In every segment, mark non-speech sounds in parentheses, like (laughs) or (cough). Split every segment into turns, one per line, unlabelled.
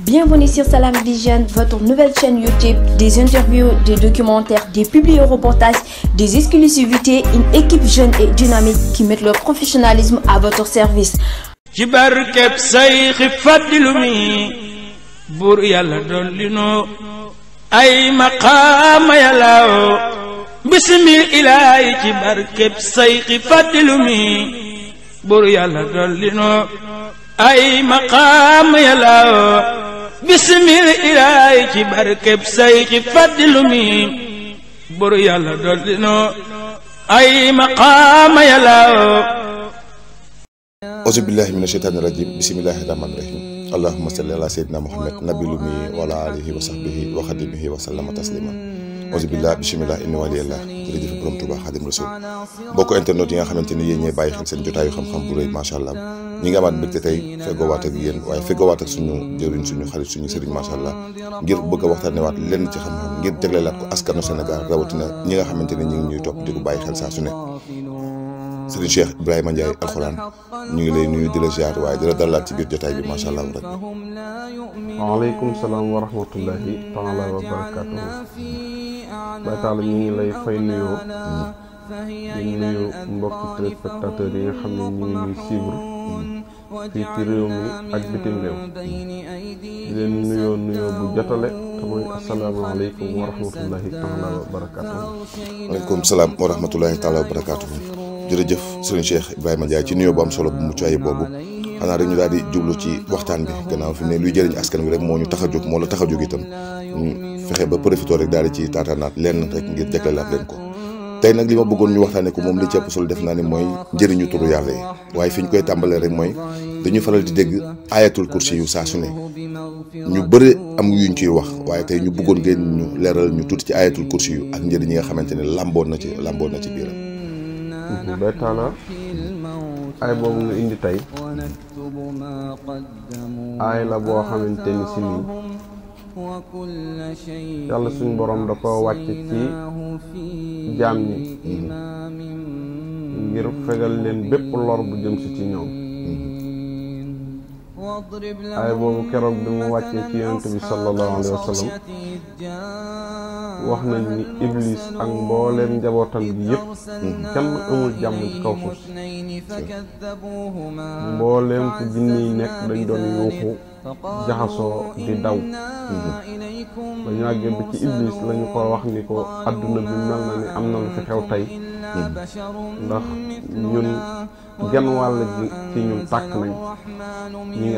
Bienvenue sur Salam Vision, votre nouvelle chaîne YouTube, des interviews, des documentaires, des publi-reportages, des exclusivités, une équipe jeune et dynamique qui met leur professionnalisme à votre service. ci barkeb sayxi mi buur yàlla dolli noo ay maqaama yàllaaw bismi ilaahi ci barkeb sayxi ay maqaam yàllaw bisimil ilaay ci barkeb say ci fàddilu mi boru yàlla doon dino ay maqaam yàllaw
auzu billahi mina sheytaani rajim bisimillahi rahmaani rahim allahuma salli ala seydina muhammad nabilu mi wala alihi wa sahbihi wa xadimihi wa sallama taslima auzubillah bismillah inna waliyallah jërëjëf borom Tuuba xaadim rasul mbokk internet yi nga xamante ni yéen ñooy bàyyi xel seen jotaayu xam-xam bu rëy macha allah ñi ngi amaat mbégte tey feggowaat ak yéen waaye feggowaat ak suñu jëriñ suñu xarit suñu sëriñ macha allah ngir bëgg a waxtaanewaat lenn ci xam-xam ngir jagleelaat ko askanu Sénégal rawatina ñi nga xamante ni ngi ñuy topp di ko bàyyi xel saa su ne Serigne Cheikh Ibrahima Ndiaye alxuraan ñu ngi lay nuyu di la ziar waaye di la dalalaat ci biir jotaay bi macha allah rek.
waaleykum salaam wa rahmatullahi taala wa barakaatu. Baay Taala ñu ngi lay fay nuyoo. di nuyu mbokki téléspectateurs yi nga xam ne ñu ngi ñuy suivre. fii ci réew mi ak bitim réew. di leen nuyoo nuyoo bu jotale. mooy asalaamaaleykum wa rahmatullahi taala wa barakaatu. waaleykum
salaam wa rahmatullahi taala wa barakaatu. jërëjëf sëriñ Cheikh Ibrahima Ndiaye ci nuyoo bu am solo bu mucc ayib boobu xanaa rek ñu daal di jublu ci waxtaan bi gannaaw fi ne luy jëriñ askan wi rek moo ñu tax a moo la tax a jóg itam ñu fexe ba rek daal di ci taataanaat lenn rek ngir jagleelaat leen ko. tey nag li ma bëggoon ñu waxtaanee ko moom li ci ëpp solo def naa mooy njëriñu turu yàlla yi waaye fi ñu koy tàmbalee rek mooy dañuy faral di dégg ayatul kursi yu saa su ne ñu bëri am yuñ ciy wax waaye tey ñu bëggoon ngeen ñu leeral ñu tuuti ci ayatul kursi yu ak njëriñ yi nga xamante ne làmboon na ci làmboon na ci biiram ba tax na
ay boobu nga indi tey ay la boo xamante ni si nii yàlla suñ boroom da ko wàcc ci jaam ñi ngir fegal leen bépp lor bu jëm ci ñoom ay boobu keroog bi mu hmm, wàccee ci yonent bi sallallahu alayhi wa sallam wax nañ ni iblis ak mbooleem njabootam bi yëpp kenn amul jàmm ci kaw mbooleem fu jinne nekk dañu doon yuuxu jaxasoo di daw dañu àggee ba ci iblis lañu ko wax ni ko àdduna bi mel na ni am na lu fi xew tey ndax ñun genn wàll ci ñun tàkk nañ ñu ngi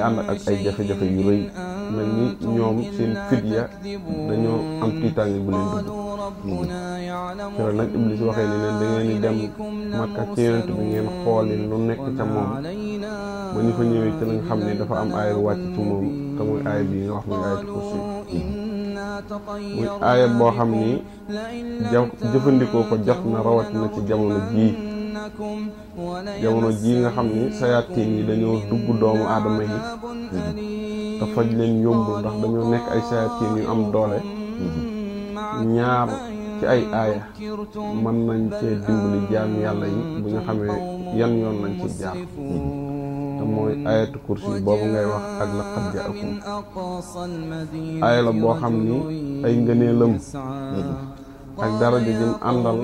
ay jafe-jafe yu ni ñoom seen fit ya dañoo am tiitaange bu leen dugg keroog nag Iblis waxee ne leen da ngeen Makka ci bi ngeen xooli lu nekk ca moom ba ñu fa ñëwee ci lañ xam ne dafa am aayal wàcc ci moom te muy aay bii nga wax muy aayatu kursi muy aaya boo xam ni jëfandikoo ko jot na rawatina ci jamono jii jamono jii nga xam ni sayaatiin yi dañoo dugg doomu aadama yi te faj leen yombul ndax dañu nekk ay sayaatiin yu am doole ñaar ci ay aaya mën nañ cee dimbali jaam yàlla yi bu ñu xamee yan yoon lañ ci jaar mooy ayatu kursi boobu ngay wax ak laqad jaakum aaya la boo xam ni ay ngëneelam ak daraja jëm àndal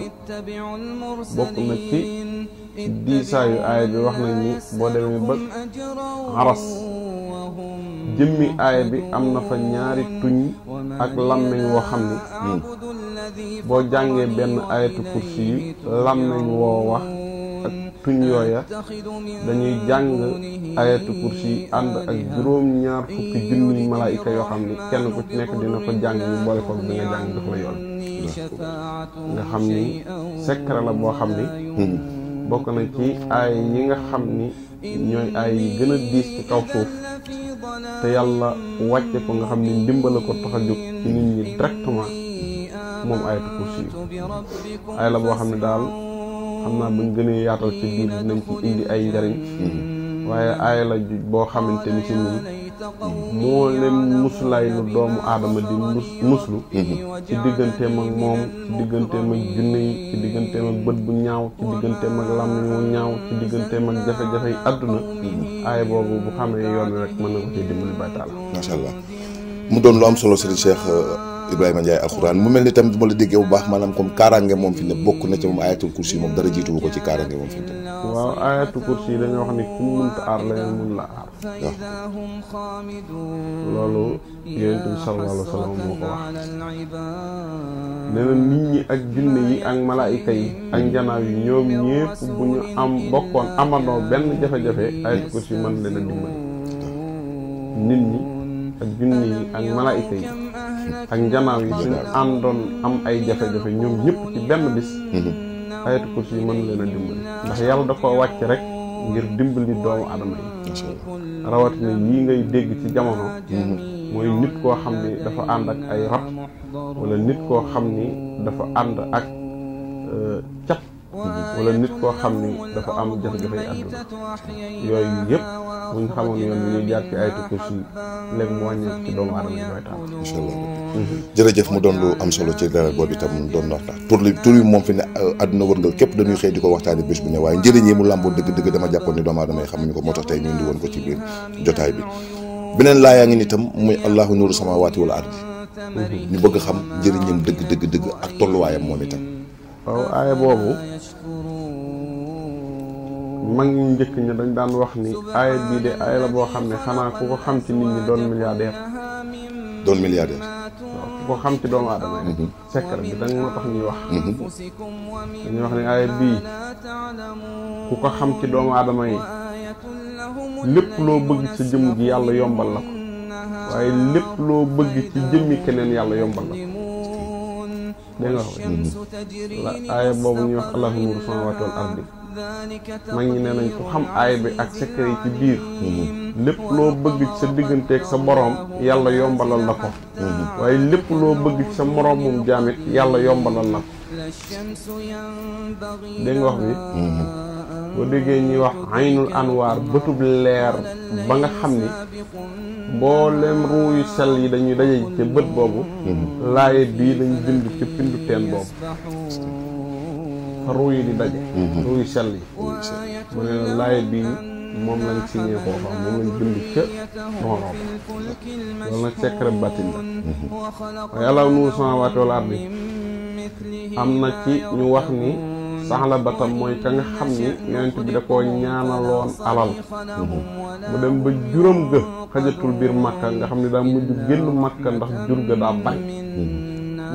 bokk na ci diisaayu aaya bi wax nañ ni boo demee ba xaras jëmmi aaya bi am na fa ñaari tuñ ak làmmiñ woo xam ni hmm. boo jàngee benn ayatu kursi yi làmmiñ woo wax ak tuñ yooya dañuy jàng ayatu kursi ànd ak juróom-ñaar fukki junni malaayika yoo xam ni kenn ku ci nekk dina ko jàng ñu boole ko bi nga jàng jox la yoon nga xam ni secret la boo xam ni bokk na ci ay yi nga xam ni ñooy ay yi gën a diis ci kaw suuf te yàlla wàcce ko nga xam ni ndimbala ko tax a jóg ci nit ñi directement moom ayatu kursi ay la boo xam ne daal xam naa buñ gën a yaatal ci biir nañ ci indi ay njariñ waaye aaya la boo xamante ni ci nii moo leen muslay lu doomu aadama di mus muslu ci digganteem ak moom ci digganteem ak junne yi ci digganteem ak bët bu ñaaw ci digganteem ak làmmiñ wu ñaaw ci digganteem ak jafe-jafe yi àdduna aaya boobu bu xamee yoon rek mën na ko ci dimbali ba taala
macha allah mu Ibrahima Ndiaye alxuraan mu mel ni tamit bu ma la déggee bu baax maanaam comme kaaraange moom fi ne bokk na ci moom ayatul kursi moom dara jiituwu ko ci kaaraange moom fi ne.
waaw ayatul kursi yi dañoo wax ni ku mënta la yéen la aar. yi ak malaayika yi ak njanaaw yi ñoom ñëpp bu am bokkoon amandoo benn jafe-jafe ayatul kursi mën leen a dimbali. nit ñi ak jinne yi ak malaayika yi. ak njanaaw yi suñu àndoon am ay jafe-jafe ñoom ñëpp ci benn bis ayatul mhm. kursi yi mën leen a dimbali ndax yàlla da koo wàcc rek ngir dimbali doomu adama yi rawatina yii ngay dégg ci jamono mhm. mooy nit koo xam ni dafa ànd ak ay rab wala nit koo xam ni dafa ànd ak euh, cat wala nit koo xam ni dafa am jafe-jafe yi àdduna yooyu yëpp bu ñu xamoon yoon bi ñuy jaar ci ay tukki si léegi mu wàññeeku ci doomu aadama yi koy
mhm. doon lu am solo ci leeral boobu itam doon na waxtaan fi ne euh, àdduna wër nga képp dañuy xëy di ko waaye mu làmboon dëgg-dëgg dama jàppoon ni doomu aadama yi moo tax tey ko ci biir jotaay bi beneen laayaa ngi ni itam muy allahu nuuru samawaati wal mhm. ñu bëgg xam njëriñam dëgg dëgg dëgg ak
tolluwaayam moom itam waaw aaya boobu mag ñu njëkk ñi dañ daan wax ni aaya bii de aaya la boo xam ne xanaa ku ko xam ci nit ñi doon milliardaire doon milliardaire waaw ku ko xam ci doomu aadama yi mhm. secret bi dañ moo tax ñuy wax mhm. dañuy wax ni aaya bii ku ko xam ci doomu aadama yi lépp loo bëgg ci jëmm ji yàlla yombal la ko waaye lépp loo bëgg ci jëmmi keneen yàlla yombal la ko dégg nga wax mm-hmm. aaya boobu ñuy wax allahu nuuru samaawaati wal ardi mag ñi nee nañ ko xam aaya bi ak secret yi ci biir lépp loo bëgg ci sa digganteeg sa boroom yàlla yombalal la ko
mm-hmm.
waaye lépp loo bëgg ci sa moroom moom jaamit yàlla yombalal la
ko dégg nga
mm-hmm. déggee ñuy wax aynul anwaar bëtub leer ba nga xam ni mboolem ruu yu sell yi dañuy daje ca bët boobu laaye bii dañ bind ci pindu teen boobu ruu yi di daje ruu yu yi mu ne laaye bii moom lañ signé foofa moom lañ bind ca ba loolu nag secret batin la waaye yàlla nu samawaati wal ardi am na ci ñu wax ni saxla ba tam mooy ka nga xam ni yonent bi da koo ñaanaloon alal mu dem ba juróom ga xajatul biir màkka nga xam ni daa mujj génn màkka ndax jur ga daa bari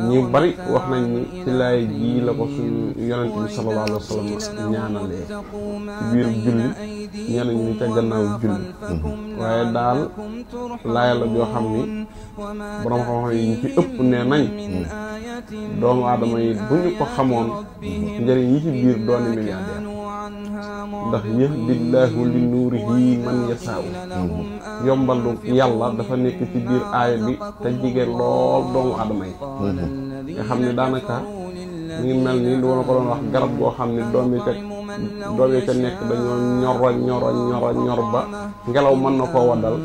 ñu bari wax nañ ni ci laay ji la ko suñu yonent bi sallallahu alayhi wa sallam ñaanalee ci biir julli ñenn ñi ca gannaaw julli waaye daal laay la joo xam ni borom xam-xam yi ñu ci ëpp nee nañ doomu aadama yi bu ñu ko xamoon njëriñ yi ci biir dooni milliardaire ndax yahdillaahu li nuurihi man yasaaw mm-hmm. yombalu yàlla dafa nekk ci biir aaya bi te jigéen lool doomu aadama yi mm-hmm. nga xam ne daanaka mu ngi mel ni lu ma ko doon wax garab goo xam ne doom yi doom yi ca nekk dañoo ñoroñ ñoroñ ñor ba ngelaw man na koo waddal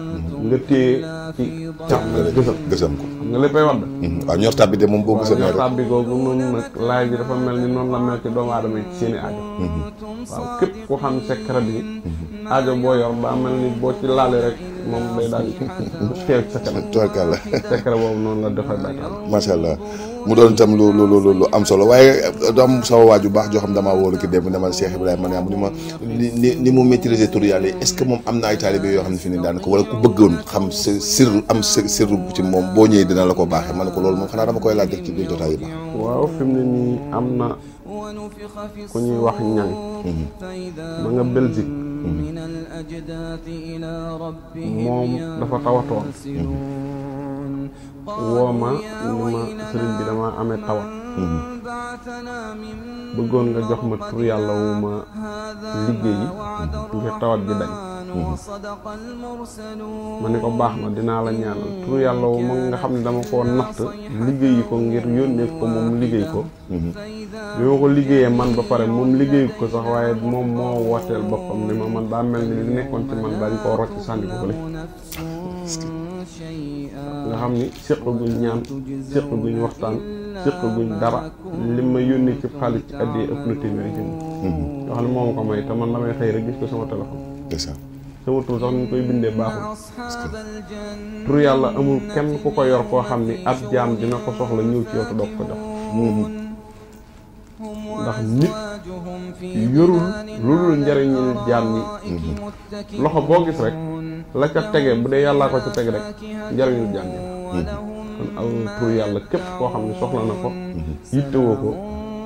nga téye ci
càmm gësam gësam ko xam nga léppay wadd mm-hmm. waaw ñor tàbbi de moom boo gësamee rek
ñor bi dafa mel ni noonu la mel ci doomu aadama yi ci seeni aajo mm-hmm. waaw képp ku xam secret bi mm-hmm. aajo boo yor daa mel ni boo ci laale rek moom day daal (laughs) teew ci boobu noonu la defar daal
macha allah mu doon itam lu lu lu lu am solo waaye eh, dam sama waaju baax joo xam damaa wóolu ki démb ne man Cheikh Ibrahima Niang ni ma ni ni mu maîtriser tur yàlla yi est que moom am ay taalibe yoo xam ne fi ne am moom boo ñëwee dina la ko baaxee ma ne ko loolu moom xanaa dama koy laaj rek ci biir jotaay yi
am na ku ñuy wax ñang mhm. ma nga Belgique mhm. moom dafa tawatoon mhm. woo ma ni ma sëriñ bi dama amee tawat bëggoon nga jox ma tur yàlla wu ma liggéeyi ngir tawat ji dañ ma ko baax na dinaa la ñaanal tur yàlla wu ma nga xam ne dama koo natt liggéeyi ko ngir yónnee ko moom liggéey ko bi ma ko liggéeyee man ba pare moom liggéey ko sax waaye moom moo wooteel boppam ni ma man daa mel ni li nekkoon ci man dañ koo rocc sànni ko fële
nga xam
ni séq guñ ñaan séq guñ waxtaan séq guñ dara li may yónnee ci xaalis ci àddee ëpp na téeméeri jëm mm-hmm. yoo xam ne moom ko may te man damay xëy rek gis ko sama téléphone sama tur sax ñu koy bindee
baaxul
tur yàlla amul kenn ku ko yor koo xam ni ab jaam dina ko soxla ñëw ci yow te doo ko jox mm-hmm. ndax nit yorul lu dul njëriñu loxo boo gis rek la ca tege bu dee yàllaa ko ca teg rek njëriñu jaam ñi mhm. kon aw yàlla képp koo xam ne soxla na ko mhm. yittewoo ko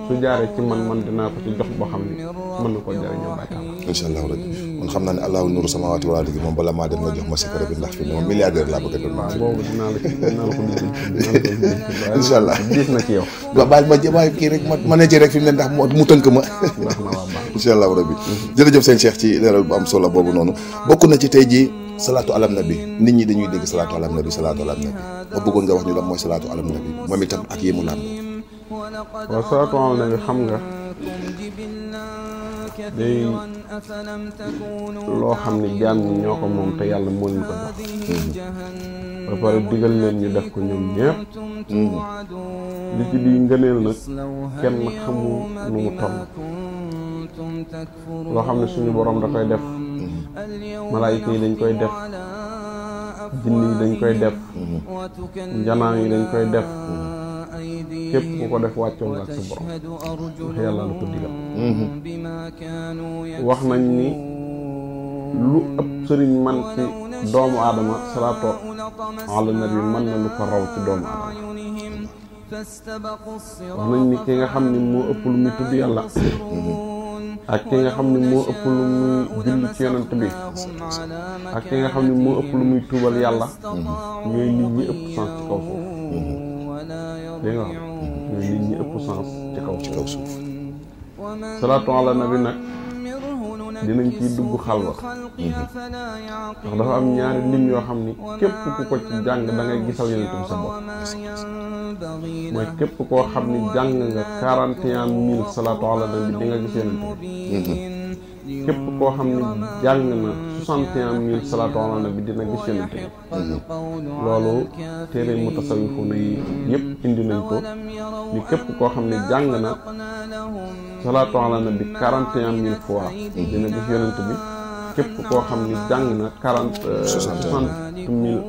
su jaaree ci man man dinaa ko ci jox boo xam ne mën na koo rabbi
kon xam naa ne allahu nuru samawaati wal ardi moom bala maa dem nga jox ma secret bi ndax fi moom gis (laughs) na ci yow. waaw baal ma jëmaay kii rek ma ma ne ci fi mu ne ndax mu tënk ma. ndax ma waa baax incha allahu rabbi. jërëjëf seen Cheikh ci leeral bu am solo boobu noonu bokk na ci tey jii salaatu alam bi nit ñi dañuy dégg salaatu alam nabi salaatu alam nabi ma bëggoon nga wax ñu lan mooy salaatu alam nabi moom itam ak yéemu làmb
waaw soo ko moom nag xam nga day loo xam ne jaam ñoo ko moom te yàlla moo leen ko jox ba pare digal leen ñu def ko ñoom ñëpp li ci di ngëneel nag kenn xamul nu mu loo xam ne suñu boroom da koy def malaayika yi dañ koy def jinni yi dañ koy def njanaan yi dañ koy def képp ku ko def wàccoon nga ak sa borom ndax yàlla na ko digal mm-hmm. wax nañ ni lu ëpp sëriñ man ci doomu aadama salaatu ala nabi mën na lu ko raw ci doomu aadama wax nañ ni ki nga xam ne moo ëpp lu muy tudd yàlla mm-hmm. ak ki nga xam ne moo ëpp lu muy julli ci yonent bi ak ki nga xam ne moo ëpp lu muy tuubal yàlla
mm-hmm.
ñooy nit ñi ëpp sens ci kaw foofu dégg nga mais nit ci kaw ci kaw suuf salaatu ala nag dinañ ciy dugg xalwa mhm. ndax dafa am ñaari lim yoo xam ni képp ku ko ci jàng da ngay gisal yonent bi sa bopp mooy képp koo xam ni jàng nga quarante et un mille salaatu ala nabi di nga gis yonent képp koo xam ne jàng na soixante et un mille salaatu dina gis yonent bi loolu téere mutasawwifuuna yi yëpp indi nañ ko ni képp koo xam ne jàng na salaatu ala nabi quarante et un mille fois dina gis yonent bi képp koo xam ne jàng na quarante euh, soixante mille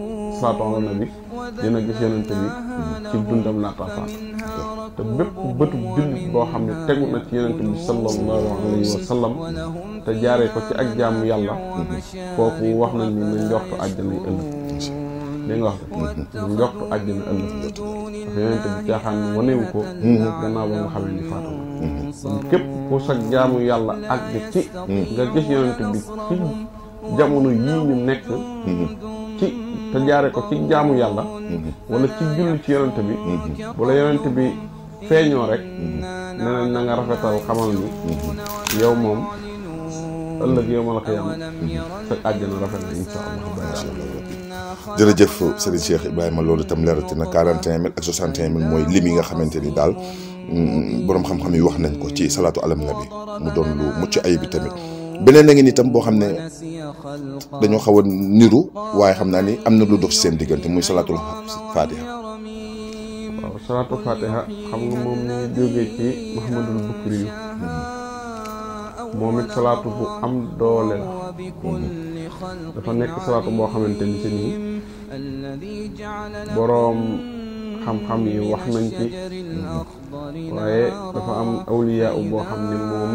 na gis yonente bi ci dundam laata faat te bépp bëtub jullit boo xam ne tegu na ci yonente bi sallallahu alayhi wa ko ci ak jaamu yàlla kooku wax wax de njortu àjjana ëllëg ndax yonente bi wanewu ko gannaaw ba nga xamee ni faatu na képp ku sag jaamu yàlla àgg ci nga gis yonente bi ci jamono yii ñu nekk ci te jaare ko ci jaamu yàlla wala ci julli ci yonent bi wala yonent bi feeñoo rek ne na rafetal xamal yow moom ëllëg yow ma la xëyam sa àjjana rafet na insha allah
jërëjëf Serigne Cheikh loolu itam na quarante et un mille ak soixante et un mille mooy lim yi nga xamante ni daal mm, boroom xam-xam yi wax nañ ko ci salaatu alam nabi mu doon lu mucc ayib bi tamit beneen a ngi ni boo xam ne dañoo xaw niru waaye xam naa ni am na lu dox ci seen diggante muy salaatul fatiha
salaatul fatiha xam nga moom ñu jógee ci Muhammadul Bukri moom it salaatu bu am doole la dafa nekk salaatu boo xamante ni ci nii boroom xam-xam yi wax nañ ci waaye dafa am awliyaa boo xam ne moom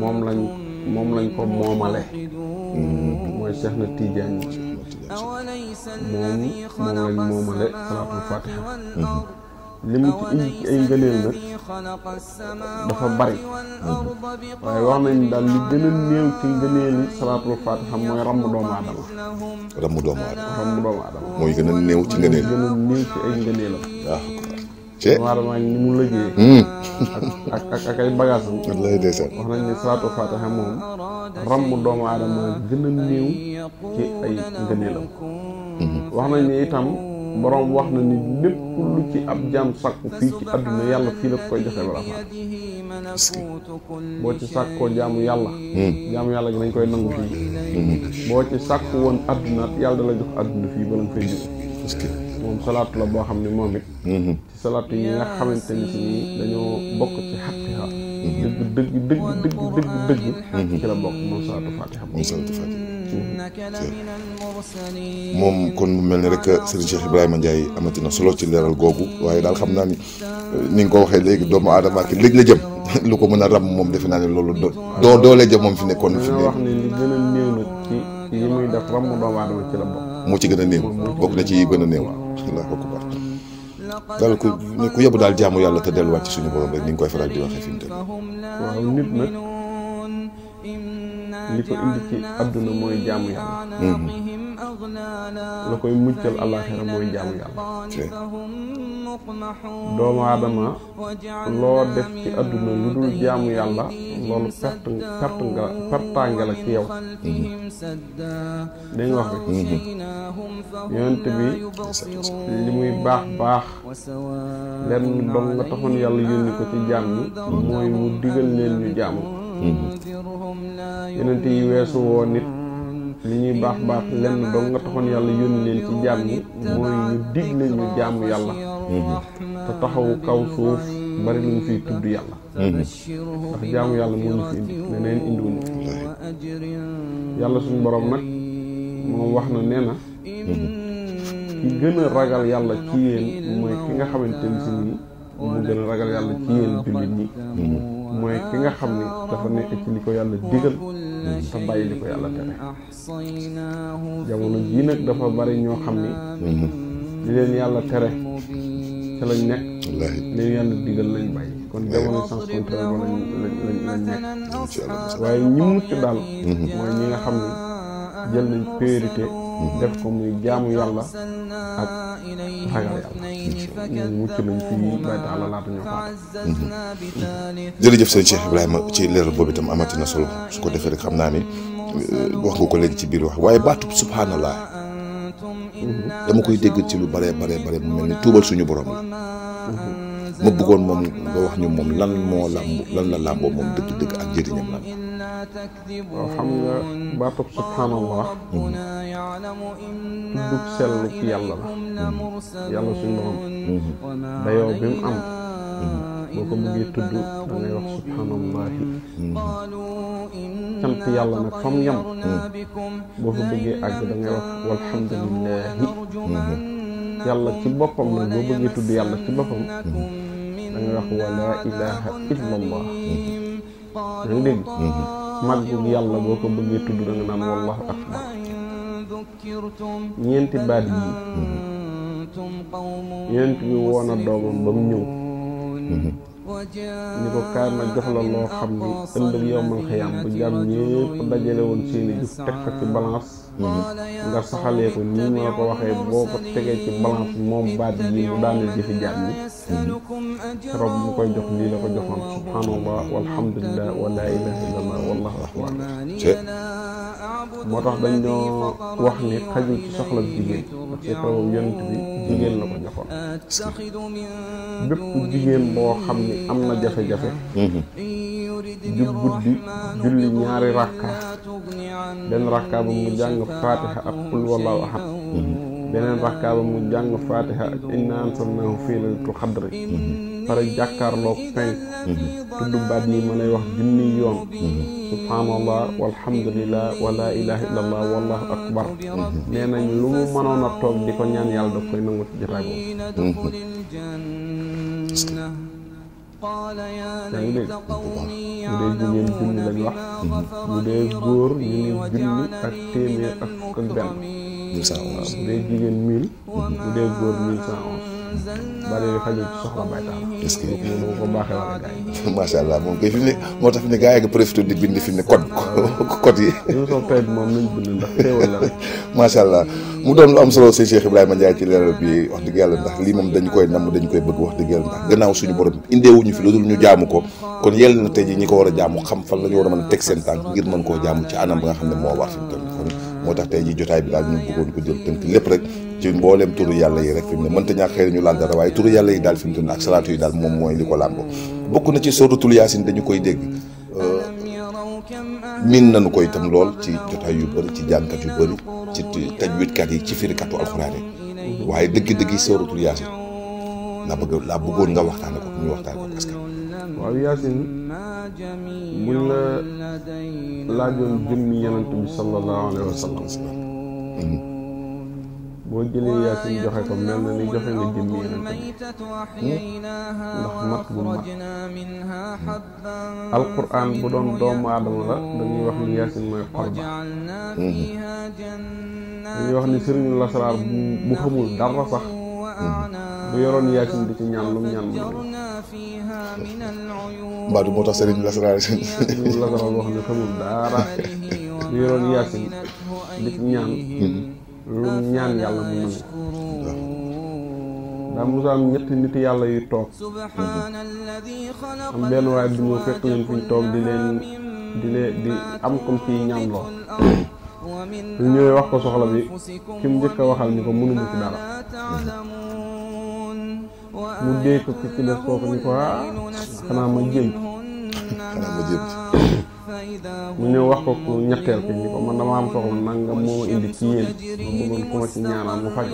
moom lañ moom lañ ko moomale mm-hmm. mooy Cheikh na Tidiane moom moom lañ moomale salaatul fatiha mm-hmm. li mu ci indi ay ngëneel nag dafa bari mm-hmm. waaye wax nañ daal li gën a néew ci ngëneeli salaatul fatiha mooy ramb doomu aadama ramb doomu aadama
mooy gën a néew
ci ngëneel gën a néew ci ni mu lëjee ak ak ak ay bagages am. wax nañ ne salaatu fatiha moom ramm doomu aadama gën a néew ci ay ngëneelam. Mhm. wax nañ itam borom wax na ni lépp lu ci ab jaam sàkku fii ci àdduna yàlla fii la koy joxe bala
faat. boo ci sàkkoo
jaamu yàlla. Hmm. jaamu yàlla gi dañ koy nangu fii. Hmm. boo ci sàkku woon àdduna yàlla la jox àdduna fii ba nga jóge. moom salaatu la boo xam ne moom it mm-hmm. ci salaatu yi nga xamante ni dañoo
bokk
ci xaqiqa mm-hmm. dëgg dëgg dëgg mm-hmm. bokk moom salaatu fatiha moom
moom kon mu mel ni rek Serigne Cheikh Ibrahima Ndiaye amati na solo ci leeral googu waaye daal xam naa ni ni nga ko waxee léegi doomu aadama ak la jëm (laughs) lu ko mën a ram moom defe naa ni loolu doo doole jëm moom fi nekkoon fi wax
ne li ci muy def ram doomu aadama ci la bokk
moo ci gën a néew bokk na ci gën a néew allahu akbar daal ku ku yóbbu daal jaamu yàlla te delluwaat ci suñu borom rek ni koy faral di waxee fi mu toll.
waaw nit nag li ko indi ci àdduna mooy jaamu yàlla.
Mm-hmm.
la koy muccal àllaaxira mooy jaamu yàlla. doomu aadama loo def ci àdduna lu dul jaamu yàlla loolu perte perte nga ci yow dañ wax bi yonent bi li muy baax baax lenn doom nga taxoon yàlla yónni ko ci jaam yi mooy mu digal leen ñu jaamu yonent yi weesu woo nit li ñuy baax baax lenn doom nga taxoon yàlla yónni leen ci jaam yi mooy ñu dig leen ñu jaamu yàlla Mm-hmm. te taxaw kaw suuf bari lu ñu fiy tudd yàlla mm-hmm. ndax jaamu yàlla moo ñu fi indi ne neen indiwuñu yàlla suñu boroom nag moom wax na nee na
mm-hmm.
ki ragal yàlla ci yéen mooy ki nga xamante ni si nii mu ci ñi mooy ki nga xam ne dafa nekk ci li ko yàlla digal te bàyyi li ko yàlla tere jamono jii nag dafa bari ñoo xam ni li leen yàlla tere ca lañ nekk. wallaahi li ñu yàlla digal lañ bàyyi. kon jamono sens contraire ba lañ lañ waaye ñi mucc daal. mooy ñi nga xam ne jël nañ priorité. Mm-hmm. def ko muy jaamu yàlla ak ragal yàlla. ñu mucc nañ fii baytaala laata ñu faatu.
Mm-hmm. jërëjëf sëñ Cheikh Ibrahima ci leeral boobu itam amati solo su ko defee rek xam naa ni euh, wax nga ko léegi ci biir wax waaye baatu subhanallah Mhm. dama koy dégg ci lu bare bare bare mu mel ni tuubal suñu borom la mhm. ma bëggoon moom nga wax ñu moom lan moo lan la làmboo moom dëgg-dëgg ak jëriñam lan
waaw xam nga baatub subhaanallah tuddub mhm. sellu yàlla la yàlla suñu borom dayoo bi mu am boo ko mujjee tudd da ngay wax subhaanallahi cant mm-hmm. yàlla nag fa mu yem mm-hmm. boo fa bëggee àgg da ngay wax walhamdulillahi
mm-hmm.
yàlla ci boppam nag boo bëggee tudd yàlla ci boppam da ngay wax wala ilaha illallah da nga dégg màggug yàlla boo ko bëggee tudd da nga naan wallahu akbar ñeenti baat yi yonent bi woon a doomam ba mu ñëw Mhm. ni ko kaay ma jox la loo xam ni ëllëg yowmal xiyaam bu jàmm ñépp dajale woon seeni jëf teg ko ci balance Mm-hmm. nga saxalee ko nii ma la ko waxee boo ko tegee ci balance moom baat yi mu daaneel jëfi jaam yi rob mu koy jox lii la ko joxoon subhanallah walhamdulilah wa laa ilaaha illallah wallahu akbar moo tax dañ ñoo wax ni xajul ci soxla jigéen parce que kaw yonent bi jigéen la ko joxoon bépp jigéen boo xam ni am na jafe-jafe ju guddi julli ñaari rakka benn rakka ba mu jàng fatiha ak qul wallahu ahad beneen rakka ba mu jàng fatiha ak inna ansalnahu fii laylatul qadri pare jàkkaarloog penk tudd baat yi ma lay wax junni yoon subhaanallah walhamdulillah wala wallahu akbar nee nañ lu mu mënoon toog di ko ñaan yàlla daf koy nangu ci jotaay boobu yaa ngi dégg dee jigéen junni lañ wax dee góor ñu ni junni ak téeméer ak ak benn bu dee jigéen mille bu dee góor mille cent bale yu xajul soxla baykat. est-ce que
allah mu moo tax fi mu ne gars di bind fi mu ne code code yi. yow
(laughs) moom nañ bind ndax teewul la rek.
macha allah mu doon lu am solo si Cheikh Ibrahima Ndiaye ci leeral bi wax dëgg yàlla ndax lii moom dañu koy namm dañ koy bëgg wax dëgg yàlla ndax gannaaw suñu borom indeewuñu fi lu dul ñu jaamu ko kon yell na tey ji ñi ko war a jaamu xam fan la ñu war a man a teg seen tànk ngir mën koo jaamu ci anam ba nga xam ne moo war fi mu moo tax tey jii jotaay bi daal ñu bëggoon ko jël tënk lépp rek ci mbooleem turu yàlla yi rek fi mu ne mënta ñàkk xëy na ñu laal dara waaye turu yàlla yi daal fi mu ak salaatu yi daal moom mooy li ko làmbo bokk na ci sóoratul yaasin dañu koy dégg euh, miin nañu koy itam lool ci jotaay yu bëri ci jànkat yu bëri ci tajwidkat yi ci firikatu alxuraan yi waaye dëgg-dëgg yi sóoratul yaasin laa bëgg laa bëggoon nga waxtaane ko ñu waxtaane ko
parce buñ la laajoon jëmmi yonent bi sallallahu alayhi wa sallam boo jëlee yaasin joxe ko mel na ni joxe nga jëmmi yonent bi ndax mat bu mat alquran bu doon doomu aadama la dañuy wax ni yaasin mooy xorba
dañuy
wax ni sëriñu lasaraar bu xamul dara sax bu yoroon (laughs) yaasin di ci ñaan lu mu ñaan moom.
Mbadou moo tax Serigne Lasaraar si. Serigne Lasaraar
wax ñaan. lu ñaan yàlla mu nangu. daa mos a am ñetti nit yàlla yu toog. am benn waaye bu ñëw fekk leen fi toog di leen di leen am comme ci ñaan loo. bi ñëwee wax ko soxla bi ki mu njëkk a waxal ni ko mënuma ci dara mu dee ko ki ci des kooku ko ah xanaa ma ma jéem (coughs) mu ñëw wax ko ku ñetteel ki ni ko man dama am soxla nangam moo ma indi ci yéen ma ku ma ci ñaanal mu faj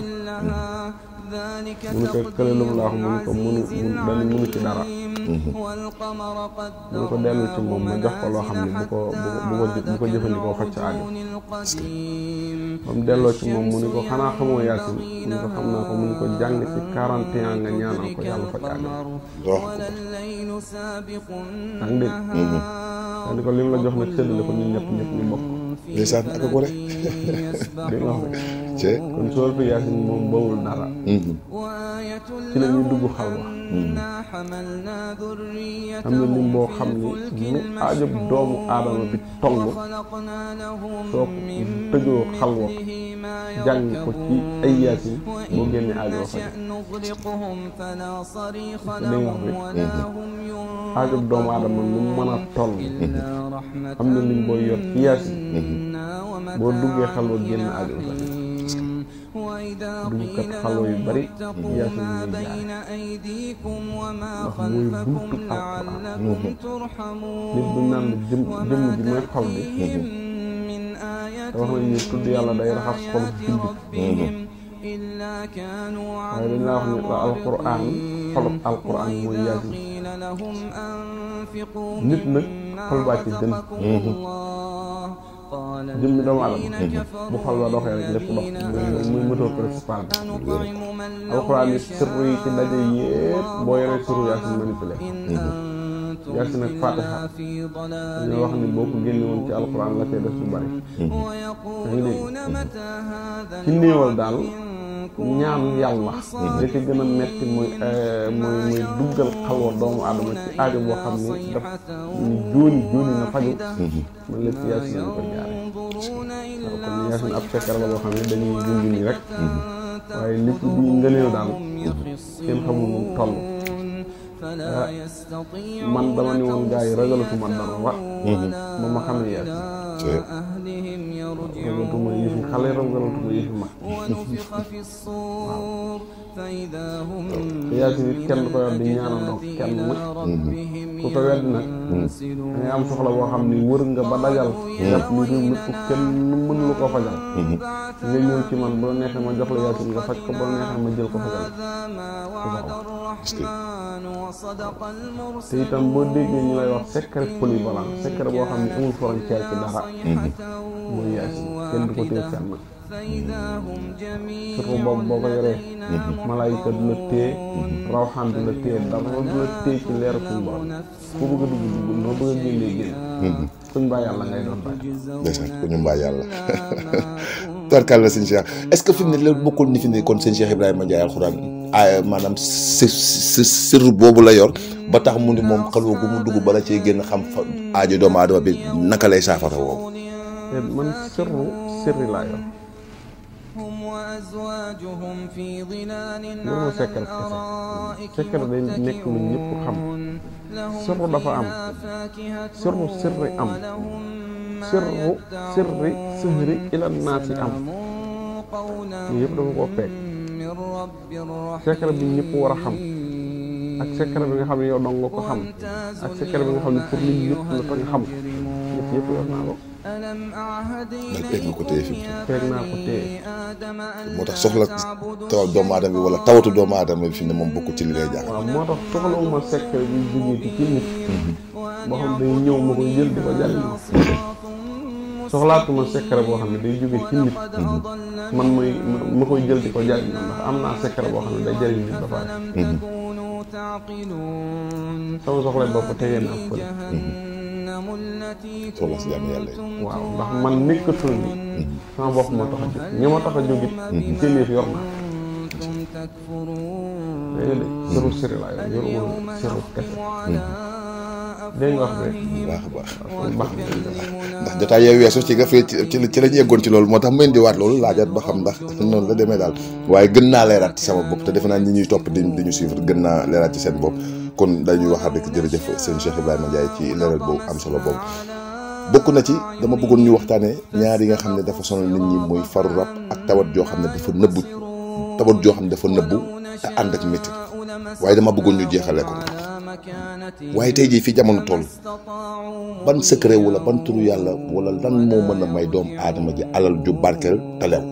mu ne ko kële lu mu la wax mu ne ko mënu benn mënu ci dara
mu
ne ko dellu ci moom ma jox ko loo xam ne bu ko bu ko bu ko jëfandikoo faj sa aajo ba mu delloo ci moom mu ne ko xanaa xamoo yaasin mu ne ko xam naa ko mu ne ko jàng ci quarante ans nga ñaanal ko yàlla faj aajo yaa ngi dégg daal di ko lim la jox nag séddale ko ñun ñëpp ñëpp ñu bokk ndeysaan ak a gore (laughs) cee kon soo bi yaasin moom bawul dara mm-hmm. ci la ñuy dugg xalwa
mm-hmm. am na
lim boo xam ni mu ajab doomu aadama bi toll soo tëjoo xalwa jàng ko ci ay yaasin boo génne ajoo fa dégg nga ajab doomu aadama nu mën a toll mm-hmm. am na lim booy yor ci yaasin boo duggee xalwa génn àdduna ko duggkat xalwa yu bari yaatu ñuy jaar ndax muy buntu alquran moo bokk nit bu naan jëm jëmm ji mooy xol bi moo bokk te wax nañ ni tudd yàlla day raxas xol jullit moo bokk waaye dañ laa wax ne alquran xolub alquran mooy yaatu nit nag xol baa ci gën jëm bi doomu aadama bu xol ba doxee rek lépp dox muy moteur principal bi alxuraan yi sirru yi ci ndaje yëpp boo yoree sirru yaa si manipulé yaa si nag fatiha dañoo wax ni boo ko génne woon ci alxuraan la cay def su bari yaa ngi dégg ci néewal daal ñaan yàlla li ci gën a metti muy euh, muy muy duggal xalwa doomu aadama ci aajo boo xam ni daf jooni jooni na faju man mhm. lépp yaasin lañ ko jaare waaw kon yaasin ab fekkar la boo xam ne dañuy junj nii rek mhm. waaye lépp di ngëneel daal kenn xamul moom toll man dama ni woon gars yi ragalatuma dara ba ma xam ne yàgg ragalatuma yëfi xale ragalatuma yëfi mag waaw yàgg nit kenn du ko yor di ñaanandoo kenn nag ku ko wedd nag dangay am soxla boo xam ni wër nga ba dajal yàpp lu réew lépp kenn mën lu ko fajal nga ñëw ci man bu la neexee ma jox la yàgg nga faj ko bu la neexee ma jël ko fajal te itam boo déggee ñu lay wax secret polyvalent secret boo xam ne amul frontière ci dara. mooy yaasin kenn du ko téye fenn. surtout boobu boo ko yoree (laughs) malaayika du la téye rawxaan a dugg dugg noo bëgg a hmm. (laughs)
(laughs) est-ce que fi mu ne la bokkul ni fi ne kon sëñ Cheikh Ibrahima Ndiaye sirru boobu la yor ba tax mu ni moom xalwa gu mu dugg bala ci génn xam fa aajo doomu aadama bi naka lay saafara woowu
eh, man sirru sirri laa yor وأزواجهم في ظلال على الأرائك متكئون لهم فيها فاكهة ولهم ما يدعون وسلام قولا من رب رحيم ak secret bi nga xam ne yow dong nga ko xam ak secret bi nga xam ne pour nit ñëpp la nga xam yëpp yor naa ko. man
peeg nga ko téye fi peeg naa ko téye. moo tax soxla taw doomu aadama bi wala tawatu doomu aadama bi fi ne moom bokku ci li ngay jàngal.
waaw moo tax soxlawuma sekk bi jógee ci nit. boo xam day ñëw ma koy jël di ko jàllale. soxlaatuma secret boo xam ne day jóge ci nit. man muy ma koy jël di ko jariñ ndax am naa secret boo xam ne day jariñ nit ba pare. sama soxla bopp tegee naa ko soxla si jaamu yàlla yi. waaw ndax man nekkatul ni sama bopp ma tax a jóg a jóg it. jëlee fi a
baax baax ndax jotaay yee weesu ci nga fee ci ci la ñu eggoon ci loolu moo tax mu indiwaat loolu laajaat ba xam ndax (laughs) noonu la demee daal waaye gën naa leeraat ci sama bopp te def naa ñi ñuy topp di ñu suivre gën naa leeraat ci seen bopp. kon dañuy waxaat rek jërëjëf seen Cheikh Ibrahima Ndiaye ci leeral boobu am solo boobu bokk na ci dama bëggoon ñu waxtaanee ñaar yi nga xam ne dafa sonal nit ñi mooy faru rab ak tawat joo xam ne dafa nëbbu tawat joo xam ne dafa nëbbu te ànd ak métti waaye dama bëggoon ñu jeexale ko waaye tey jii fi jamono toll ban secret wala ban turu yàlla wala lan moo mën a may doom aadama ji alal ju barkeel te lew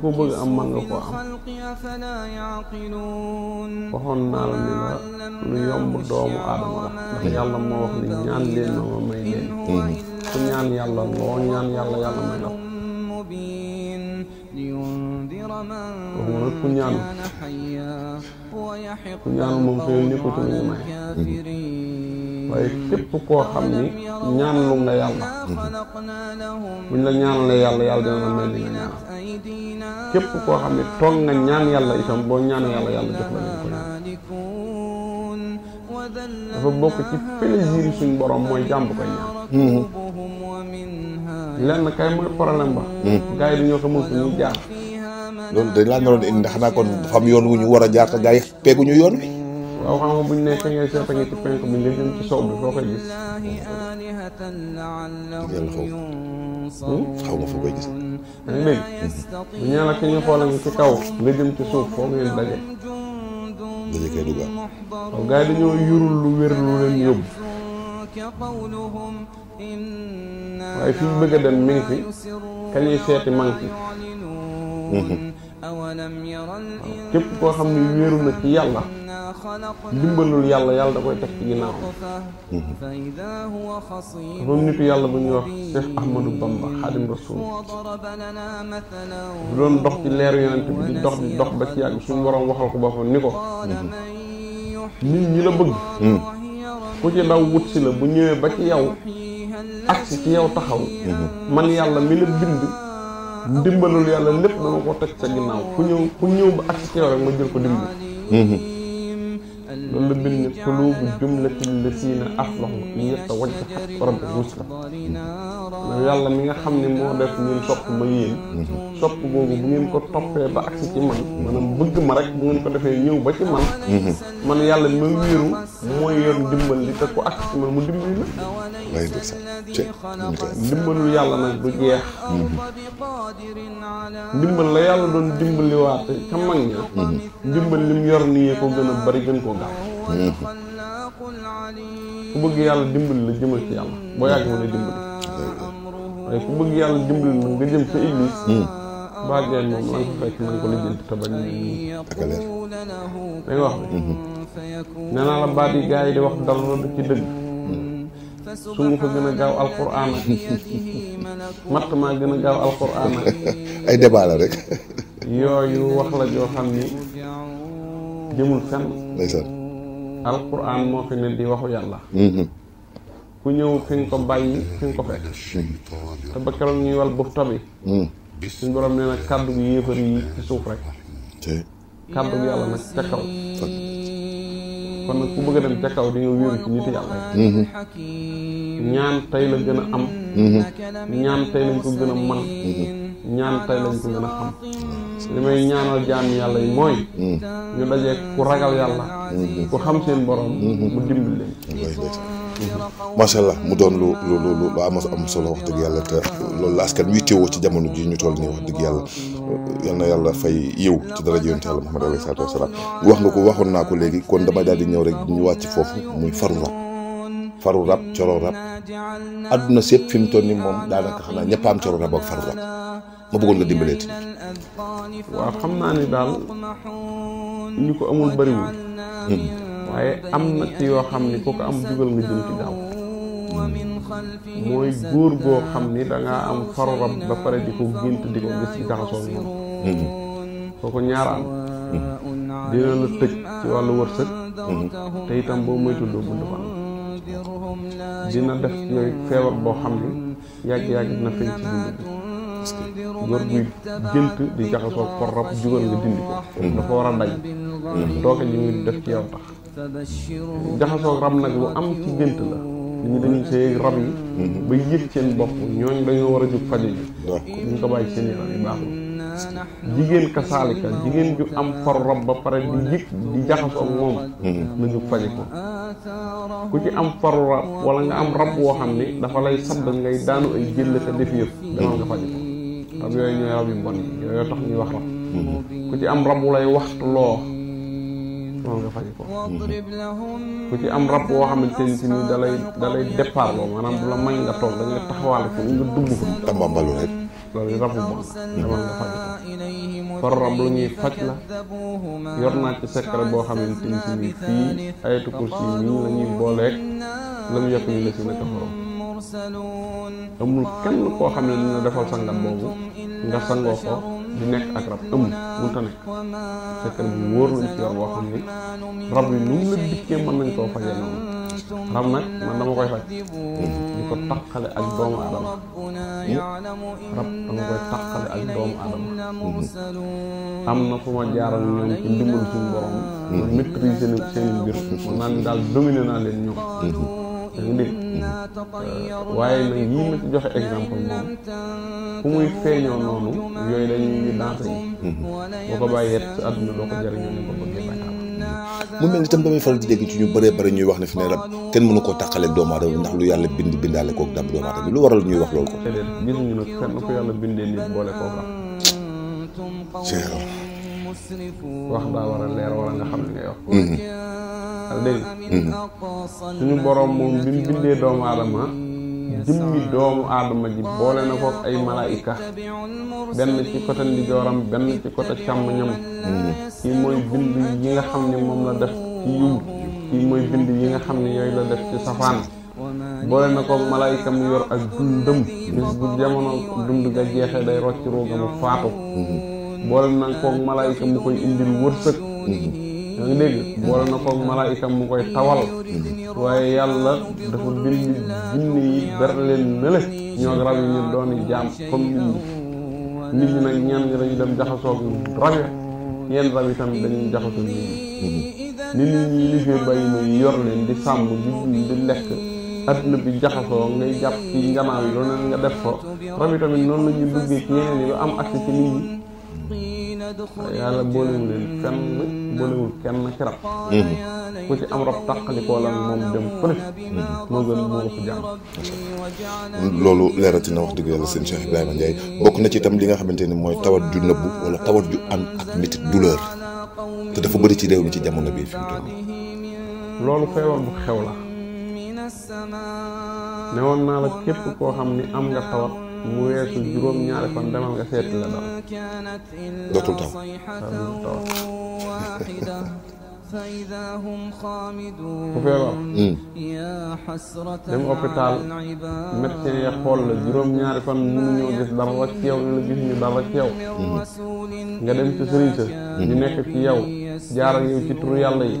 ko bëgg am man waxoon naa la ni la lu yomb doomu aadama la ndax yàlla moo wax ni ñaan leen ma ma may leen ku ñaan yàlla loo ñaan yàlla yàlla may la waxuma
nag ku ñaanu
ku ñaanu moom xëy na nekkul ci lu ñu
may
waaye képp koo xam ni ñaanalum na yàlla buñ la ñaanalee yàlla yàlla dina la may li nga ñaanal képp koo xam ne toog nga ñaan yàlla itam boo ñaanee yàlla yàlla jox la ko ñaan dafa bokk suñ borom mooy hmm. hmm. jaar loolu
dañ laa naroon indi kon dafa yoon wu ñu war a jaar te gars peeguñu
yoon wi waaw xam nga buñ ne ca ngay seet a ngi ci penk bi nga jëm ci sow bi foo koy gis. Hmm? xaw ma foo koy gis. léegi. bu ñu la ki ñu xoolal ci kaw nga jëm ci suuf foo koy daje. daje kay dugg am. waaw gars yi dañoo yurul lu wér lu leen yóbbu. waaye fi mu bëgg a dem mi ngi fi ka ñuy seeti maa ngi fi. Hmm, hmm. képp koo xam ne wéeru na ci yàlla. dimbalul yàlla yàlla da koy teg ci ginnaaw
dafa am
yàlla bu ñuy wax Cheikh Ahmadou Bamba Xaadim Rasul bu doon dox bu ñëwee ba ci yow agsi yàlla mi dimbalul yàlla lépp dama ko teg sa ginnaaw ku ñëw ba agsi ci yow rek ma jël ko
dimbal
loolu la bind ne xuluubu jumlatil lasiina aflahu yatawajjahu rabbuhum wusla yàlla mi nga xam ne moo def ñun sopp ma yéen topp googu bu ngeen ko toppee ba agsi ci man maanaam bëgg ma rek bu ngeen ko defee ñëw ba ci man mm-hmm. man yàlla ma wéeru mooy yor dimbal li te ku agsi ci man mu dimbali la lay yàlla nag du mm-hmm. la yàlla doon dimbaliwaate ca mag mm-hmm. yor nii ko gën a bari gën koo gaaw ku bëgg yàlla dimbali la jëmal ci yàlla boo yàgg mën a dimbali waaye ku bëgg yàlla dimbali nag nga jëm sa iblis baagee moom mooy fekk mën ko lijjanti te bañ a. wax. Mhm. nee naa la baat yi gars yi di wax dal na du ci dëgg. sungu fa gën a gaaw alquran (laughs) matt maa gën a gaaw alquran (laughs) ay débat la rek. yooyu wax la joo xam ni jëmul fenn. ndeysaan. alquran moo fi ne di waxu yàlla. Mhm. ku ñëw fi nga ko bàyyi fi nga ko fekk. te ba ñuy wal bufta bi. Mhm. suñu borom nee na kàddu gi yéefar yi ci suuf rek kàddu gi yàlla nag ca kon nag ku bëgg a dem ca di nga wéeru ci nit yàlla mhm. ñaan tey la gën a am mhm. ñaan tey lañ ko gën a man mhm. ñaan tey lañ ko gën a xam li may ñaanal jaam yàlla yi mooy ñu dajee ku ragal yàlla ku xam seen borom mu dimbali leen Mhm.
macha allah mu doon lu lu lu lu am am solo wax dëgg yàlla te loolu la askan wi teewoo ci jamono ji ñu toll nii wax dëgg yàlla na yàlla fay yiw ci dara yonent yàlla Muhammad alayhi salaatu wax nga ko waxoon naa ko léegi kon dama daal di ñëw rek ñu wàcc foofu muy faru rab faru coro rab àdduna sépp fi mu toll nii moom daanaka xanaa ñëpp am coro rab ak faru rab ma bëggoon nga dimbaleeti.
ñu ko amul bariwul. Mhm. waaye am na ci yoo xam ni ku ko am dugal nga jëm ci gaaw mooy góor goo xam ni da am faru rab ba pare di ko ci jaxasoo kooku ñaar am la tëj ci wàllu wërsëg te itam boo moytul doo gudd fan dina def yooyu feebar boo xam ni yàgg-yàgg dina feeñ ci dund bi góor guy gént di jaxasoo faru jugal nga dindi ko dafa war a daj dooke ji muy def ci yow tax
jaxasoog
rab nag lu am ci gént la nit ñi see rab yi ba yëg seen bopp ñooñ dañoo war a jóg faju ji duñ ko bàyyi seen yaram yi baaxul jigéen ka saalika jigéen ju am for rab ba pare di yëg di jaxasoog moom mm-hmm. na jóg faji ko ku ci am faru rab wala nga am rab woo xam ne dafa lay sadd ngay daanu ay jëll te def yëf demal nga faj ko rab yooyu ñooy rab yu bon yi yooyu tax ñuy wax rab mm-hmm. ku ci am rab wu lay waxtu loo moom nga faje ko mm-hmm. ku ci am rab boo xamante ni dalay dalay départ loo maanaam du la may nga toog da ngay taxawaale ko nga dugg fa tambambalu rek loolu rabu bon la demal nga faj la yor naa ci secret boo xamante ni fii ayatu kursi yi la ñuy booleeg la mu yokk ñu la si naka xorom amul kenn koo xam ne dina defal sangat boobu nga sangoo ko di nekk ak rab amul mënta nekk secret bu wóor lañ ci yor boo xam ni rab yi nu mu la dikkee mën nañ koo fajee noonu rab nag man dama koy faj di ko taqale ak doomu adama rab dama koy taqale ak doomu adama am na fu ma jaaral ñoom ci ndimbal suñu borom
ma maîtriser na seen mbir man naa ni daal dominer naa leen ñoom ñu dégg mm-hmm.
waaye nag yii ma ci joxe exemple moom fu muy feeñoo noonu yooyu dañuy ñu danse yi mm-hmm. boo ko bàyyee sa àdduna doo ko jariñoo ne ko bëggee bàyyi
mu mel tam damay faral di dégg ci ñu bëree bëri ñuy wax ne fi ne rab kenn mënu koo tàqaleeg doomu aadama ndax lu yàlla bind bindaale koog dab doomu aadama lu waral ñuy wax loolu ko.
déedéet gisuñu nag kenn ku yàlla bindee nit boole koo baax. wax daa war a leer wala nga xam li ngay wax. xam mhm. dégg
mhm.
suñu moom bi mu bindee doomu aadama
jëmmi doomu aadama ji boole na ko ay malaayika benn ci côté ndijooram benn ci côté càmmoñam. Mhm. kii mooy bind yi nga xam ne moom la def ci yiw kii mooy bind yi nga xam ni yooyu la def ci safaan. boole na ko malaayika mu yor ak dundam bis bu jamono dund ga jeexee day rocc roogamu faatu boole na koog malaayika mu koy indil wërsëg yaa ngi dégg boole na koog malaayika mu koy tawal waaye yàlla dafa bind jinne yi ber leen nële ñoo rab yi ñu dooni jaam comme nit ñi nit ñi nag ñenn dem jaxasoog rab ya yenn yi dañuy jaxasoog nit ñi nit ñi li bàyyi muy yor leen di sàmm di dund di lekk adduna bi jaxasoo ngay jàpp ci njanaaw yi loolu nga def ko rab yi tamit noonu la duggee ci yeneen yi ba am accès ci nit ñi yàlla boolewul kenn boolewul kenn ci rab ku ci am rab tàqalikoo la moom dem fële moo
loolu leerati na wax dëgg yàlla seen Cheikh Ibrahima Ndiaye bokk na ci itam li nga xamante ni mooy tawat ju nëbbu wala tawat ju am ak métit douleur te dafa bëri ci réew mi ci jamono bii fi mu
toll loolu feebar bu xew la ne woon naa la képp koo xam ni am nga tawat bu weesu juróom-ñaari fan demal nga seeti la daal. dootul taw. ku feebar. dem hôpital médecin ya xool la juróom-ñaari fan mënuñoo gis dara ci yow ñu la gis ñu dara ci yow. nga dem ci sëriñ sa ñu nekk ci yow jaar ak yow ci turu yàlla yi.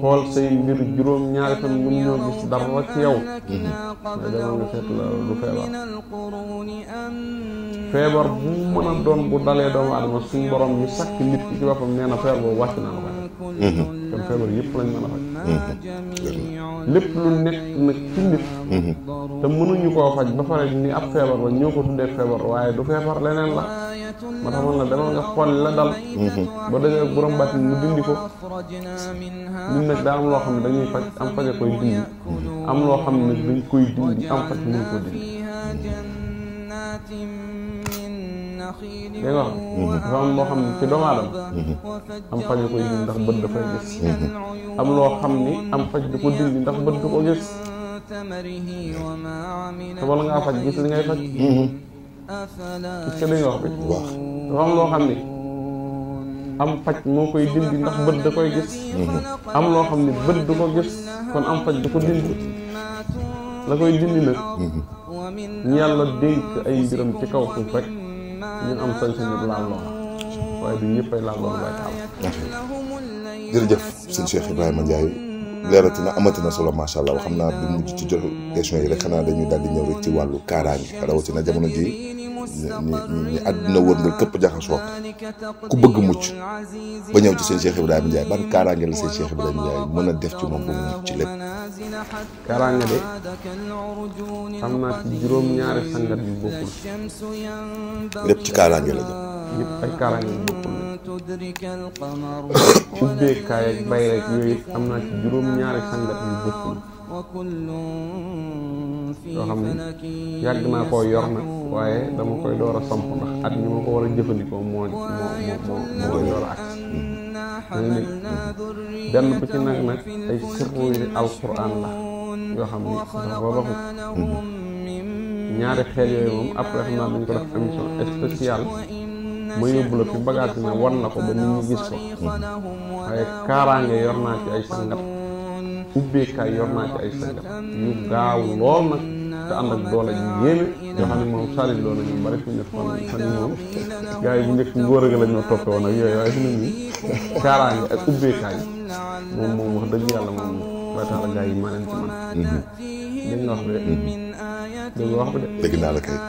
xool say mbir juróom-ñaari fan mën ñoo gis dara ci yow. mais demal nga seet la du feebar. feebar bu mën a doon bu dalee doomu aadama suñu borom ñu sakk nit ki ci boppam nee na feebar boobu wàcc naa la ko. kon feebar yëpp lañ mën
faj
lépp lu nekk nag ci nit te mënuñu koo faj ba pare ni ab feebar la ko tuddee feebar waaye du feebar leneen la ma tax man la demal nga xool la dal ba dajee ak borom bàttin mu dindi ko ñun nag daa am loo xam ne dañuy faj am faja koy dindi am loo xam ne dañ koy dindi am faj mënu ko dindi dégg nga dafa am loo xam ne ci doomu aadama am faj ko dindi ndax bët dafay loo xam ni am faj di ko dindi ndax bët du ko gis te bala ngaa faj gis li wax am loo xam ni am faj moo koy dindi ndax bët da koy gis am loo xam ni bët du ko gis kon am faj du ko dindi la koy dindi nag ñu yàlla dénk ay mbiram ci kaw suuf rek ñun am sañ-sañu laal lool waaye du ñëpp ay laal lool waaye taal.
jërëjëf na amati na solo macha allah xam naa du mujj ci joxe question yi rek xanaa dañuy daal di ñëw rek ci wàllu kaaraange na jamono ji ni àdduna wërngal këpp jaxasoo ku bëgg mucc ba ñëw ci seen Cheikh Ibrahima Ndiaye ban kaaraange la seen Cheikh Ibrahima Ndiaye mën a def ci moom ba mu mucc ci lépp.
kaaraange de am naa ci juróom-ñaari sangat yu bokkul. lépp ci kaaraange la jëm. yëpp ay kaaraange yu bokkul la. (coughs) ubbeekaay ak bay rek yooyu am naa ci juróom-ñaari sangat yu bokkul. yoo xam ne yàgg naa koo yor waaye dama koy door a samp ndax at ñi ma ko war a moo moo moo moo door a bu ci nag nag ay sirru yi alquran la xam ne xel yooyu moom après xam naa dañ ko fi bagage bi na ko ba nit ñi waaye kaaraange yor naa ci ay sangat ubbeekaay yor naa ci ay sanga yu gaaw lool nag te ànd ak doole ji yéeme yoo xam ne moom salit lool na ñu bari fi nekk fan fan moom gars yi bu njëkk ngóor ak la ñoo toppe woon ak yooyu waaye fi ne nii kaaraange ak ubbeekaay moom moom wax dëgg yàlla moom bay tax la gars mhm. wax de mhm. dégg nga wax ko de. dégg naa la kay. dama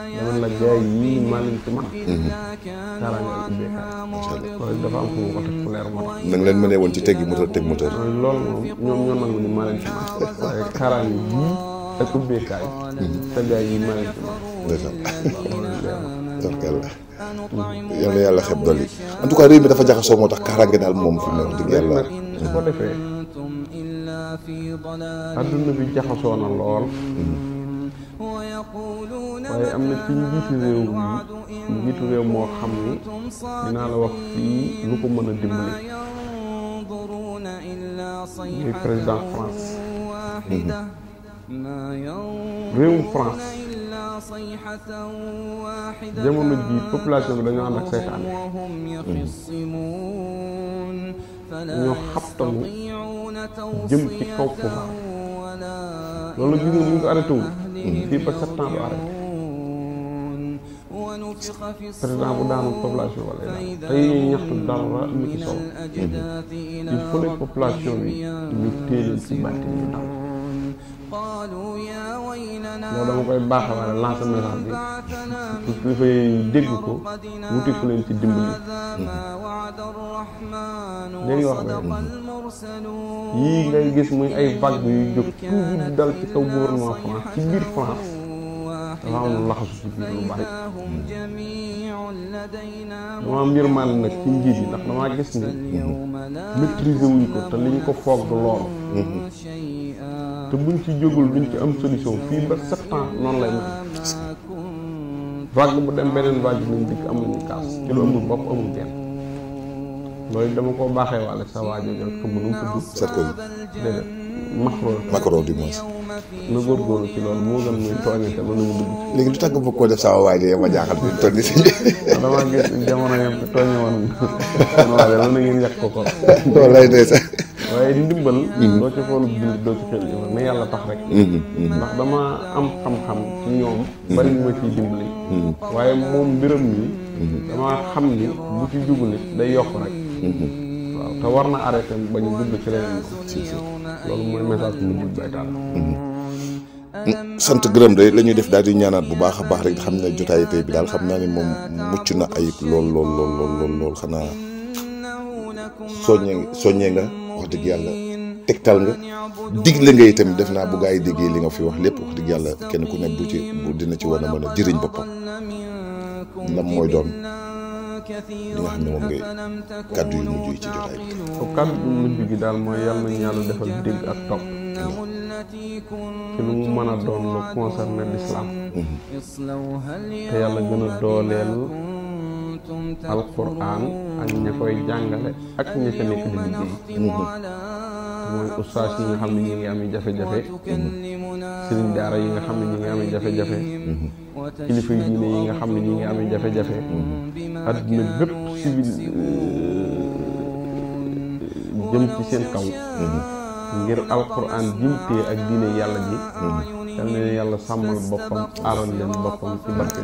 dafa am fu mu ko teg fu leer moo tax.
na nga leen woon ci teggi moteur teg moteur.
loolu moom ñoom ñoo nangu mhm.
(laughs) yàlla xeb dolli en tout réew mi dafa jaxasoo moo tax kaaraange daal moom fi mu ne yàlla.
su ko defee mhm. adduna bi jaxasoo na lool. Mhm. waaye am na ci njiitu réew mi njiitu réew moo xam ni dinaa la wax fii lu ko mën a dimbali muy président France réewum France jamono ji population bi dañoo ànd ak seytaane
ñoo xabtalu
jëm ci kaw pouvoir loolu gis nga ñu ko arrêté wul fii ba septembre arrêté président bu daanu population wala tey dañuy ñaxtu dara ñu ci sow il faut que population bi ñu téeleen ci bàtt ñu daal loolu dama koy baaxa wala lancer message bi pour que dégg ko wuti ku leen ci dimbali dégg mhm. nga wax lii ngay gis muy ay vague yu jóg toujours dal ci kaw gouvernement France ci biir France dafa am laxasu ci biir hmm. mbir man nag ci yi ndax damaa gis ni maîtriser wuñ ko te li ñu ko foog lool te buñ ci jógul duñ ci am solution fii ba sept noonu lay mel vague bu dem beneen vague bu ñu dikk amuñu kaas ci lu amul bopp amul kenn loolu dama koo baaxee wàll sa waa jooju rek xamu nu mu tudd. Sarkozy déedéet Macron. Macron du moins. na góorgóorlu ci loolu moo gën muy tooñi te ba dugg. léegi lu tax nga bëgg koo def sama waay de yow ma jaaxal fi mu toll nii si. Ah, dama gis jamono yëpp tooñi woon waaye ko ko. wallaay ndeysaan. waaye ndimbal. Mhm. doo ci xool bind doo ci xel yow na yàlla tax rek. Mhm, mhm. ndax dama am xam-xam ci ñoom. bari ma ciy dimbali. waaye moom mbiram mi. dama xam ni bu ci jugul day yokk rek. waaw te war na arrêté ba ñu mm-hmm.
mm-hmm. sant gërëm de la ñuy def daal di ñaanaat bu baax a baax rek xam ne jotaay tey bi daal xam naa ne moom mucc na ayib lool lool lool lool xanaa soññee nga wax dëgg yàlla tegtal nga digle nga itam def naa bu gaa yi déggee li nga fi wax lépp wax dëgg yàlla kenn ku nekk bu ci bu dina ci war a mën a jëriñ boppam lan mooy doon li nga xam ne moom nga kàddu yu mujj yi ci jotaay
bi. kàddu bu mujj gi daal mooy yàlla nañu yàlla defal dégg ak topp. Mm-hmm. ci lu mu mën a doon lu concerné l'islam. Mm-hmm. te yàlla gën a dooleel ak ña koy jàngale ak ña ca nekk mm-hmm. yi nga xam ne ñi ngi jafe-jafe. sëriñ daara yi nga xam jafe-jafe. kilifa yi diine yi nga xam ne ñi ngi amee jafe-jafe adduna bépp civil euh, jëm ci seen kaw mmh. ngir alquran jimtee ak diine yàlla ji mmh. yal na leen yàlla sàmmal boppam aaral leen boppam ci barke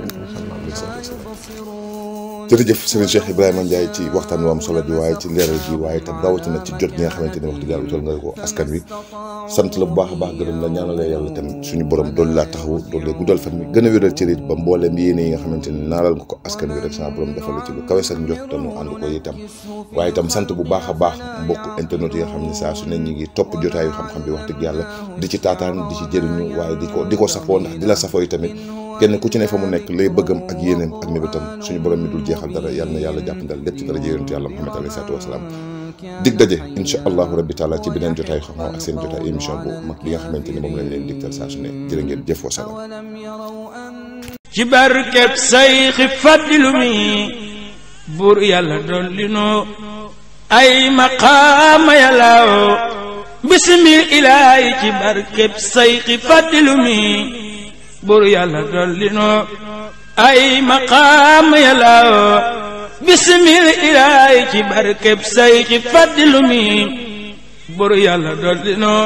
Yonent sallallahu alayhi wa sallam jërëjëf sëriñ Cheikh Ibrahima Ndiaye ci waxtaan wu am solo bi waaye ci ci jot ñi nga ne wax dëgg nga ko askan wi sant la bu baax a baax gërëm la ñaanalee yàlla tamit suñu borom doolu laa taxawu doolu lay guddal fan mi gën a wéral cërit ba mbooleem yéene yi nga xamante ne naalal nga ko askan wi rek sama borom defal la ci lu kawe seen njot te mu ànd ko itam waaye itam sant bu baax a baax mbokk internet yi nga xam ne saa su ne ñi ngi topp jotaayu xam-xam bi wax dëgg yàlla di ci taataan di ci jëriñu waaye di di ko di ko safoo ndax di la safoo yi tamit kenn ku ci ne fa mu nekk lay bëggam ak yéeneem ak mébétam suñu borom mi dul jeexal dara yal na yàlla jàppandal lépp ci dara yonentu yàlla Muhammad ci beneen jotaay xam-xam ak seen jotaay émission bu mag bi nga xamante ne moom lañ leen digtal saa su ne jërë ngeen jëf wa salaam
ci barkeb sayxi faddilu mi buur yàlla dolli noo ay maqaama yàllaaw bismil ilaahi barkeb sayxi fàddilu mi bur ay maqaam yàllaw yàlla dolli noo